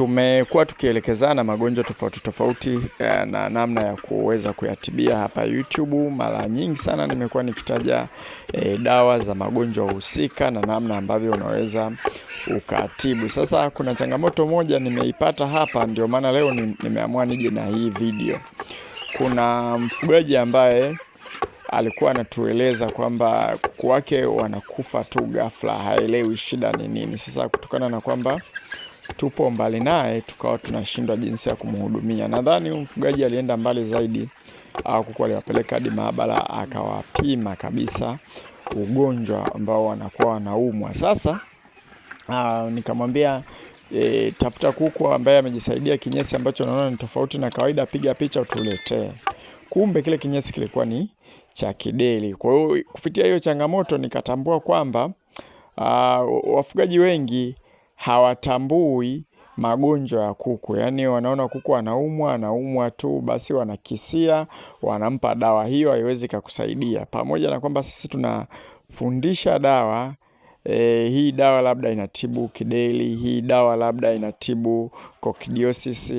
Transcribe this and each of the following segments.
tumekuwa tukielekezana magonjwa tofauti tofauti eh, na namna ya kuweza kuyatibia hapa YouTube. Mara nyingi sana nimekuwa nikitaja e, dawa za magonjwa husika na namna ambavyo unaweza ukatibu. Sasa kuna changamoto moja nimeipata hapa, ndio maana leo nimeamua nije na hii video. Kuna mfugaji ambaye alikuwa anatueleza kwamba kuku wake wanakufa tu ghafla, haelewi shida ni nini. Sasa kutokana na kwamba tupo mbali naye, tukawa tunashindwa jinsi ya kumhudumia. Nadhani huyu mfugaji alienda mbali zaidi, ah, kuku aliwapeleka hadi maabara akawapima kabisa ugonjwa ambao wanakuwa wanaumwa. Sasa uh, nikamwambia e, tafuta kuku ambaye amejisaidia kinyesi ambacho naona ni tofauti na kawaida, piga picha utuletee. Kumbe kile kinyesi kilikuwa ni cha kideli. Kwa hiyo kupitia hiyo changamoto nikatambua kwamba uh, wafugaji wengi hawatambui magonjwa ya kuku, yaani wanaona kuku anaumwa, anaumwa tu basi, wanakisia wanampa dawa, hiyo haiwezi kakusaidia. Pamoja na kwamba sisi tunafundisha dawa e, hii dawa labda inatibu kideli, hii dawa labda inatibu kokidiosis,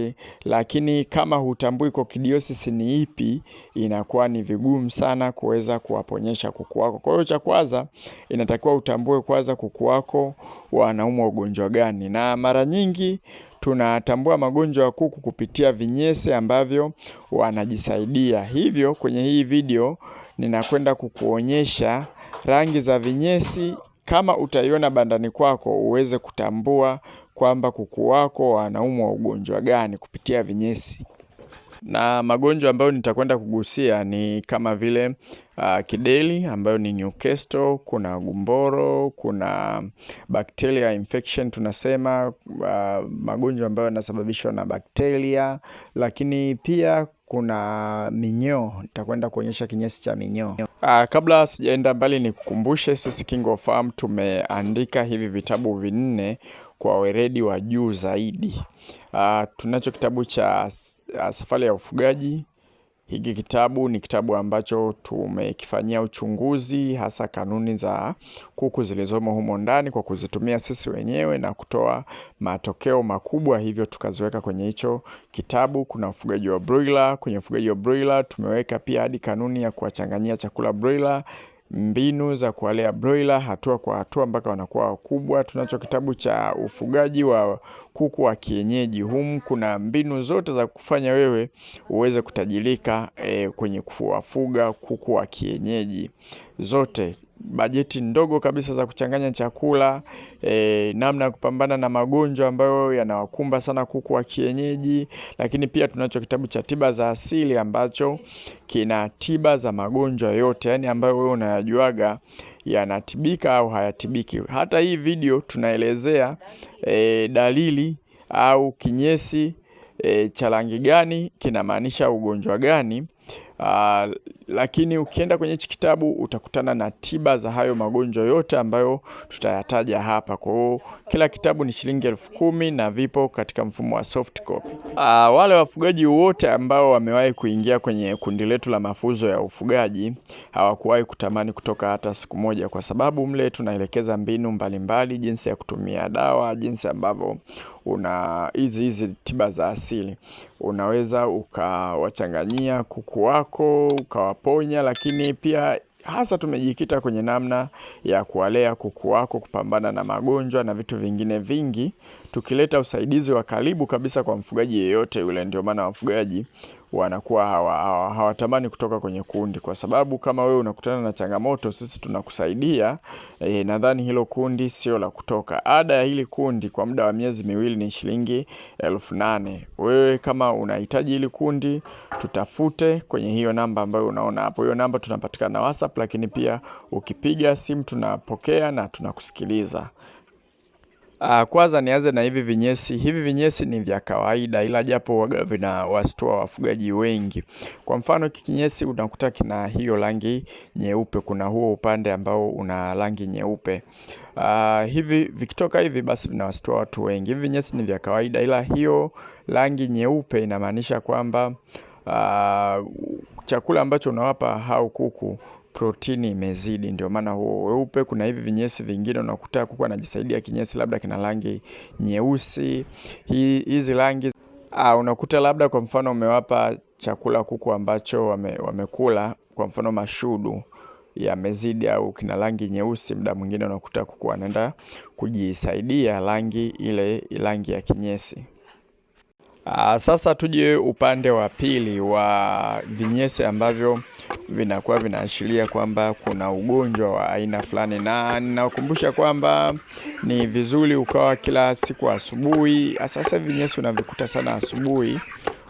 lakini kama hutambui kokidiosis ni ipi, inakuwa ni vigumu sana kuweza kuwaponyesha kuku wako. Kwa hiyo cha kwanza inatakiwa utambue kwanza kuku wako wanaumwa ugonjwa gani, na mara nyingi tunatambua magonjwa ya kuku kupitia vinyesi ambavyo wanajisaidia. Hivyo kwenye hii video ninakwenda kukuonyesha rangi za vinyesi kama utaiona bandani kwako, uweze kutambua kwamba kuku wako wanaumwa ugonjwa gani kupitia vinyesi. Na magonjwa ambayo nitakwenda kugusia ni kama vile uh, kideli ambayo ni Newcastle, kuna gumboro, kuna bacteria infection tunasema uh, magonjwa ambayo yanasababishwa na bakteria, lakini pia kuna minyoo, nitakwenda kuonyesha kinyesi cha minyoo. Ah, kabla sijaenda mbali nikukumbushe, sisi King of Farm tumeandika hivi vitabu vinne kwa weredi wa juu zaidi. Ah, tunacho kitabu cha ah, safari ya ufugaji, hiki kitabu ni kitabu ambacho tumekifanyia uchunguzi, hasa kanuni za kuku zilizomo humo ndani kwa kuzitumia sisi wenyewe na kutoa matokeo makubwa, hivyo tukaziweka kwenye hicho kitabu. Kuna ufugaji wa broiler, kwenye ufugaji wa broiler tumeweka pia hadi kanuni ya kuwachanganyia chakula broiler mbinu za kuwalea broiler hatua kwa hatua mpaka wanakuwa wakubwa. Tunacho kitabu cha ufugaji wa kuku wa kienyeji. Humu kuna mbinu zote za kufanya wewe uweze kutajirika e, kwenye kuwafuga kuku wa kienyeji zote bajeti ndogo kabisa za kuchanganya chakula e, namna ya kupambana na magonjwa ambayo yanawakumba sana kuku wa kienyeji. Lakini pia tunacho kitabu cha tiba za asili ambacho kina tiba za magonjwa yote, yani ambayo wewe unayajuaga yanatibika au hayatibiki. Hata hii video tunaelezea e, dalili au kinyesi e, cha rangi gani kinamaanisha ugonjwa gani. Uh, lakini ukienda kwenye hichi kitabu utakutana na tiba za hayo magonjwa yote ambayo tutayataja hapa. Kwa hiyo kila kitabu ni shilingi elfu kumi na vipo katika mfumo wa soft copy. Uh, wale wafugaji wote ambao wamewahi kuingia kwenye kundi letu la mafunzo ya ufugaji hawakuwahi kutamani kutoka hata siku moja, kwa sababu mle tunaelekeza mbinu mbalimbali mbali, jinsi ya kutumia dawa, jinsi ambavyo una hizi hizi tiba za asili unaweza ukawachanganyia kuku Mungu wako ukawaponya, lakini pia hasa tumejikita kwenye namna ya kuwalea kuku wako, kupambana na magonjwa na vitu vingine vingi, tukileta usaidizi wa karibu kabisa kwa mfugaji yeyote yule. Ndio maana wafugaji wanakuwa hawatamani hawa, hawa kutoka kwenye kundi, kwa sababu kama wewe unakutana na changamoto, sisi tunakusaidia. E, nadhani hilo kundi sio la kutoka. Ada ya hili kundi kwa muda wa miezi miwili ni shilingi elfu nane. Wewe kama unahitaji hili kundi, tutafute kwenye hiyo namba ambayo unaona hapo. Hiyo namba tunapatikana na WhatsApp, lakini pia ukipiga simu tunapokea na tunakusikiliza. Uh, kwanza nianze na hivi vinyesi. Hivi vinyesi ni vya kawaida ila japo waga vina wastua wafugaji wengi. Kwa mfano kikinyesi unakuta kina hiyo rangi nyeupe, kuna huo upande ambao una rangi nyeupe. Uh, hivi vikitoka hivi basi vinawastua watu wengi. Hivi vinyesi ni vya kawaida ila hiyo rangi nyeupe inamaanisha kwamba uh, chakula ambacho unawapa hao kuku protini imezidi, ndio maana huo weupe. Kuna hivi vinyesi vingine unakuta kuku anajisaidia kinyesi labda kina rangi nyeusi, hizi rangi ah, unakuta labda kwa mfano umewapa chakula kuku ambacho wame, wamekula kwa mfano mashudu yamezidi au kina rangi nyeusi, muda mwingine unakuta kuku anaenda kujisaidia rangi ile rangi ya kinyesi. Aa, sasa tuje upande wa pili wa vinyesi ambavyo vinakuwa vinaashiria kwamba kuna ugonjwa wa aina fulani, na ninakumbusha kwamba ni vizuri ukawa kila siku asubuhi, sasa vinyesi unavikuta sana asubuhi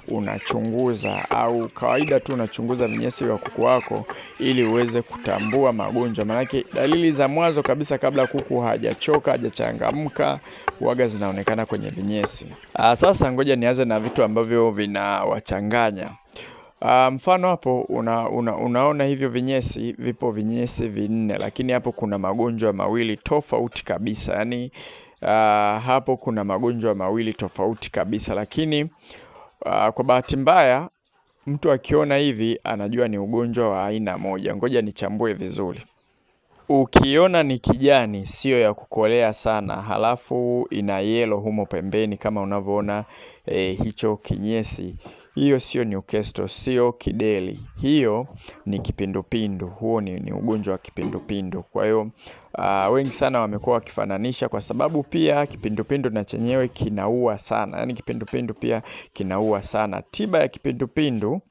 unachunguza au kawaida tu unachunguza vinyesi vya kuku wako ili uweze kutambua magonjwa, maanake dalili za mwanzo kabisa kabla kuku hajachoka hajachangamka waga zinaonekana kwenye vinyesi. Ah, sasa ngoja nianze na vitu ambavyo vinawachanganya Uh, mfano hapo una, una, unaona hivyo vinyesi, vipo vinyesi vinne, lakini hapo kuna magonjwa mawili tofauti kabisa. yani uh, ah, hapo kuna magonjwa mawili tofauti kabisa, lakini uh, kwa bahati mbaya mtu akiona hivi anajua ni ugonjwa wa aina moja. Ngoja nichambue vizuri. Ukiona ni kijani sio ya kukolea sana halafu ina yellow humo pembeni kama unavyoona e, hicho kinyesi hiyo sio Newcastle, sio kideli, hiyo ni kipindupindu. Huo ni, ni ugonjwa wa kipindupindu. Kwa hiyo uh, wengi sana wamekuwa wakifananisha, kwa sababu pia kipindupindu na chenyewe kinaua sana, yaani kipindupindu pia kinaua sana. Tiba ya kipindupindu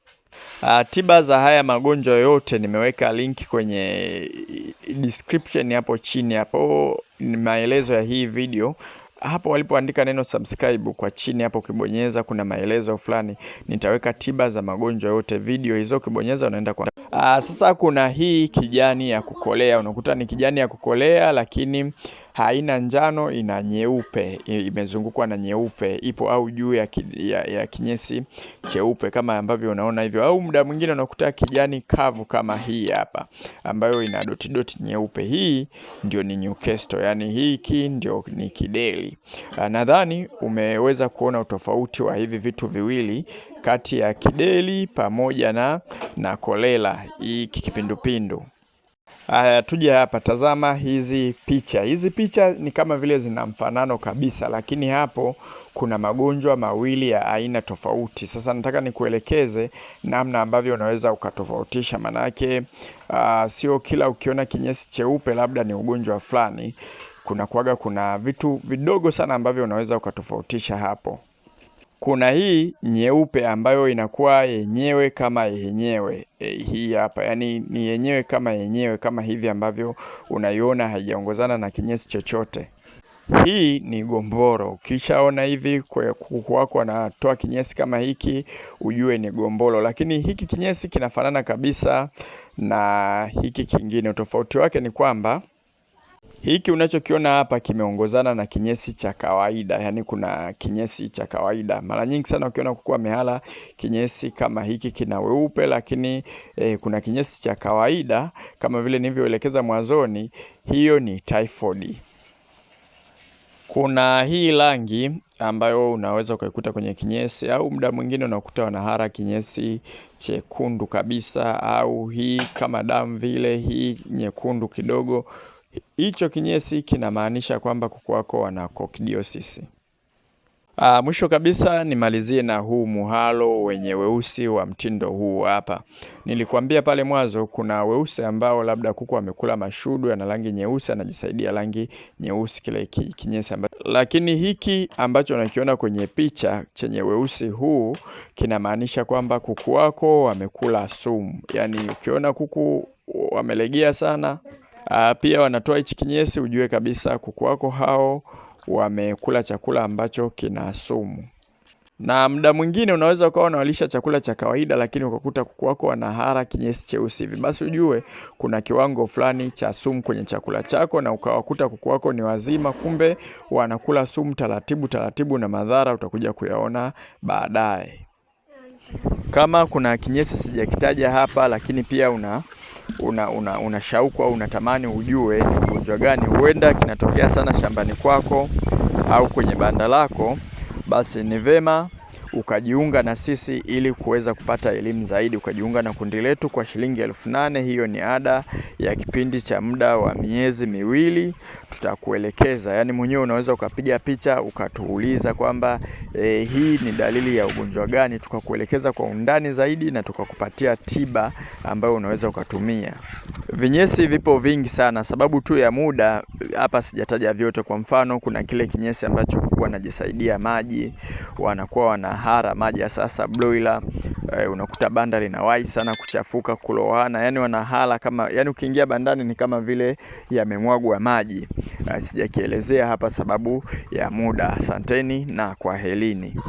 Uh, tiba za haya magonjwa yote nimeweka link kwenye description hapo chini, hapo ni maelezo ya hii video hapo walipoandika neno subscribe kwa chini hapo, ukibonyeza kuna maelezo fulani, nitaweka tiba za magonjwa yote video hizo, ukibonyeza unaenda kwa Aa. Ah, sasa kuna hii kijani ya kukolea, unakuta ni kijani ya kukolea lakini haina njano, ina nyeupe, imezungukwa na nyeupe, ipo au juu ya, ki, ya, ya kinyesi cheupe kama ambavyo unaona hivyo, au muda mwingine unakuta kijani kavu kama hii hapa ambayo ina doti doti nyeupe. Hii ndio ni Newcastle, yani hiki ndio ni kideli. Ah, nadhani umeweza kuona utofauti wa hivi vitu viwili kati ya kideli pamoja na, na kolela hii kipindupindu. Haya, tuje hapa, tazama hizi picha. Hizi picha ni kama vile zina mfanano kabisa, lakini hapo kuna magonjwa mawili ya aina tofauti. Sasa nataka nikuelekeze namna ambavyo unaweza ukatofautisha, maanake uh, ah, sio kila ukiona kinyesi cheupe labda ni ugonjwa fulani. Kuna kuaga, kuna vitu vidogo sana ambavyo unaweza ukatofautisha hapo. Kuna hii nyeupe ambayo inakuwa yenyewe kama yenyewe e, hii hapa yani ni yenyewe kama yenyewe kama hivi ambavyo unaiona haijaongozana na kinyesi chochote. Hii ni gomboro. Ukishaona hivi kwa kuku wako anatoa kinyesi kama hiki, ujue ni gomboro. Lakini hiki kinyesi kinafanana kabisa na hiki kingine. Utofauti wake ni kwamba hiki unachokiona hapa kimeongozana na kinyesi cha kawaida, yaani kuna kinyesi cha kawaida. Mara nyingi sana ukiona kukua mihala, kinyesi kama hiki kina weupe, lakini eh, kuna kinyesi cha kawaida kama vile nilivyoelekeza mwanzoni, hiyo ni typhoid. Kuna hii rangi ambayo unaweza ukaikuta kwenye kinyesi au muda mwingine unakuta wanahara kinyesi chekundu kabisa, au hii kama damu vile, hii nyekundu kidogo. Hicho kinyesi kinamaanisha kwamba kuku wako wana coccidiosis. Ah, mwisho kabisa nimalizie na huu muhalo wenye weusi wa mtindo huu hapa. Nilikuambia pale mwanzo kuna weusi ambao labda kuku amekula mashudu ana rangi nyeusi anajisaidia rangi nyeusi kile kinyesi ambacho. Lakini hiki ambacho unakiona kwenye picha chenye weusi huu kinamaanisha kwamba kuku wako wamekula sumu. Yaani ukiona kuku wamelegea sana Uh, pia wanatoa hichi kinyesi, ujue kabisa kuku wako hao wamekula chakula ambacho kina sumu. Na muda mwingine unaweza ukawa unawalisha chakula cha kawaida, lakini ukakuta kuku wako wanahara kinyesi cheusi hivi, basi ujue kuna kiwango fulani cha sumu kwenye chakula chako, na ukawakuta kuku wako ni wazima, kumbe wanakula sumu taratibu taratibu, na madhara utakuja kuyaona baadaye. Kama kuna kinyesi sijakitaja hapa, lakini pia una una, una, una shauku au unatamani ujue ni ugonjwa gani huenda kinatokea sana shambani kwako au kwenye banda lako, basi ni vema ukajiunga na sisi ili kuweza kupata elimu zaidi. Ukajiunga na kundi letu kwa shilingi elfu nane. Hiyo ni ada ya kipindi cha muda wa miezi miwili, tutakuelekeza. Yani mwenyewe unaweza ukapiga picha ukatuuliza kwamba e, hii ni dalili ya ugonjwa gani, tukakuelekeza kwa undani zaidi na tukakupatia tiba ambayo unaweza ukatumia. Vinyesi vipo vingi sana, sababu tu ya muda hapa sijataja vyote. Kwa mfano, kuna kile kinyesi ambacho wanajisaidia maji, wanakuwa wana hara maji ya sasa broiler e, unakuta banda linawahi sana kuchafuka, kuloana, yani wanahala kama, yani ukiingia bandani ni kama vile yamemwagwa maji. Eh, sijakielezea hapa sababu ya muda. Asanteni na kwaherini.